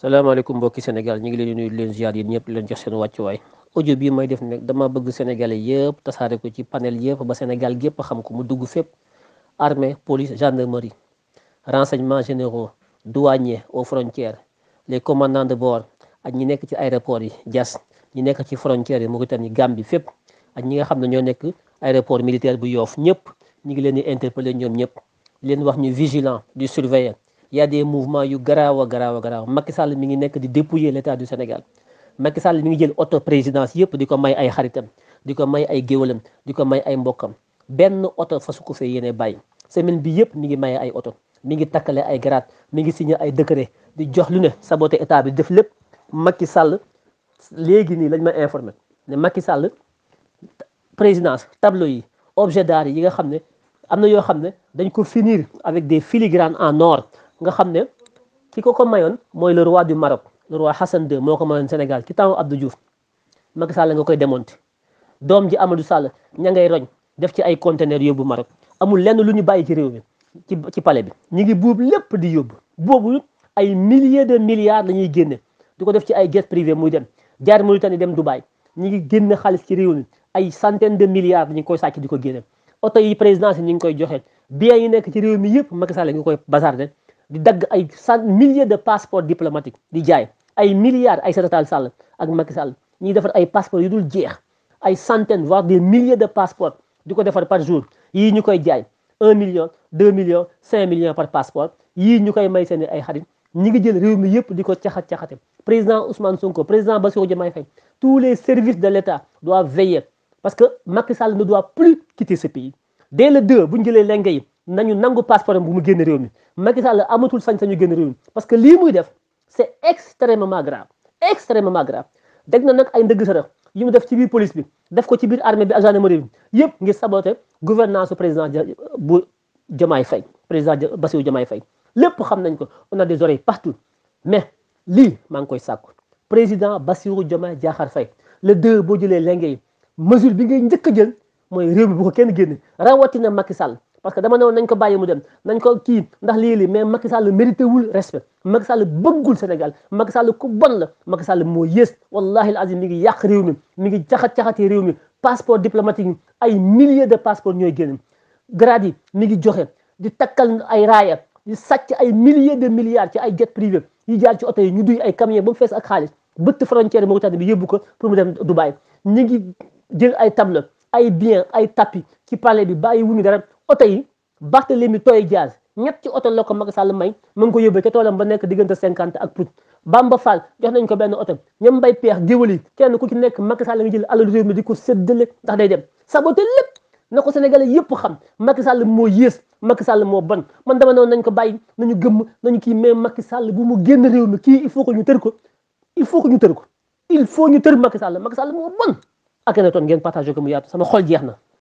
salaamaaleykum mbokki Sénégal ñu ngi leen di nuyu leen ziar yéen ñëpp leen jox seen wàccuwaay audio bii may def nag dama bëgg sénégalais yëpp tasaare ko ci panel yëpp ba Sénégal gépp xam ko mu dugg fépp armée police gendarmerie renseignements généraux douaniers aux frontières les commandants de bord ak ñi nekk ci aéroport yi jas ñi nekk ci frontières yi Mauritanie Gambie fépp ak ñi nga xam ne ñoo nekk aéroport militaire bu Yoff ñëpp ñu ngi leen di interpeller ñoom ñëpp leen wax ñu vigilant di surveiller yaa a des mouvements yu garaaw a garaaw a garaaw Macky Sall mi ngi nekk di dépouiller l'état du Sénégal Macky Sall mi ngi jël auto présidence yëpp di ko may ay xaritam di ko may ay géwalam di ko may ay mbokkam benn oto fa ko fee yenee bàyyi semaine bi yëpp mi ngi maye ay oto mi ngi takkale ay grade mi ngi signé ay décret di jox lu ne saboté état bi def lépp makki Sall léegi nii lañ may informé ne makki Sall présidence tableau yi objet d'art yi nga xam ne am na yoo xam ne dañ ko finir avec des filigranes en or nga xam ne ki ko ko mayoon mooy le roi du Maroc le roi Hassan II moo ko mayoon Sénégal ci temps Abdou Diouf Macky Sall nga koy démonté doom ji Amadou Sall ña ngay roñ def ci ay conteneurs yóbbu Maroc amul lenn lu ñu bàyyi ci réew mi ci ci palais bi ñu ngi buub lépp di yóbbu boobu ay milliers de milliards la ñuy génne du ko def ci ay jet privé muy dem jaar Mauritanie dem Dubaï ñu ngi génne xaalis ci réew ay centaine de milliards ñu ngi koy sàcc di ko génne oto yi ñu ngi koy joxe biens yi nekk ci réew mi yëpp Macky Sall nga koy di dagg ay cent milliers de passeports diplomatiques di jaay ay milliards ay Aïssata Tall Sall ak Macky Sall ñuy defar ay passeports yu dul jeex ay centaines voire des milliers de passeports di ko defar par jour yi ñu koy jaay un million deux millions cinq millions par passeport yi ñu koy may seen ay xarit ñi ngi jël réew mi yëpp di ko caxat caxate président Ousmane Sonko président ba Bassirou Diomaye Faye tous les services de l'État doivent veiller parce que Macky Sall n doit plus quitter ce pays dès le bu ñu jëlee lenge yi nañu nangu passeport am bu mu génn réew mi Macky Sall amatul sañ-sañu génn réew mi parce que lii muy def c' est extrêmement grave extrêmement grave dégg na nag ay ndëgg sërëx yi mu def ci biir police bi def ko ci biir armée bi ak gendarmerie bi yëpp ngir saboter gouvernance su président bu jamaay fay président Bassirou Diomaye Faye lépp xam nañ ko on a des oreilles partout mais lii maa ngi koy sàkku président Bassirou Diomaye Diakhar fay le deux boo jëlee lenge yi mesure bi ngay njëkk jël mooy réew mi bu kenn génne rawatina Macky Sall parce que dama ne woon nañ ko bàyyi mu dem nañ ko kii ndax lii lii mais Macky Sall mérité wul respect Macky Sall bëggul Sénégal Macky Sall ku bon la Macky Sall moo yées wallahi azim mi ngi yàq réew mi mi ngi caxat caxatee réew mi passeport diplomatique ay milliers de passeports ñooy génn grade yi mi ngi joxe di takkal ay raaya di sàcc ay milliers de milliards ci ay jet privé yi jaar ci oto yi ñu duy ay camions ba mu fees ak xaalis bëtt frontière Mauritanie bi yóbbu ko pour mu dem Dubaï ñi ngi jël ay table ay bien ay tapis ci pale bi bàyyi wuñu dara oto yi te Toye tooy ñett ñetti oto la ko Macky Sall may mu ngi ko yóbbee ca toolam ba nekk diggante cinquante ak Pout Bamba Fall jox nañ ko benn oto ñoom mbay peex géwal yi kenn ku ci nekk Macky Sall nga jël alalu réew mi di ko séddale ndax day dem saboté lépp na ko sénégalais yëpp xam Macky Sall moo yées Macky Sall moo bon man dama noonu nañ ko bàyyi nañu gëmm nañu kii mais Macky Sall bu mu génn réew mi kii il faut que ñu tër ko il faut que ñu tër ko il faut ñu tër Macky Sall Macky Sall moo bon ak a ne toon ngeen partagé ko mu yaatu sama xol jeex na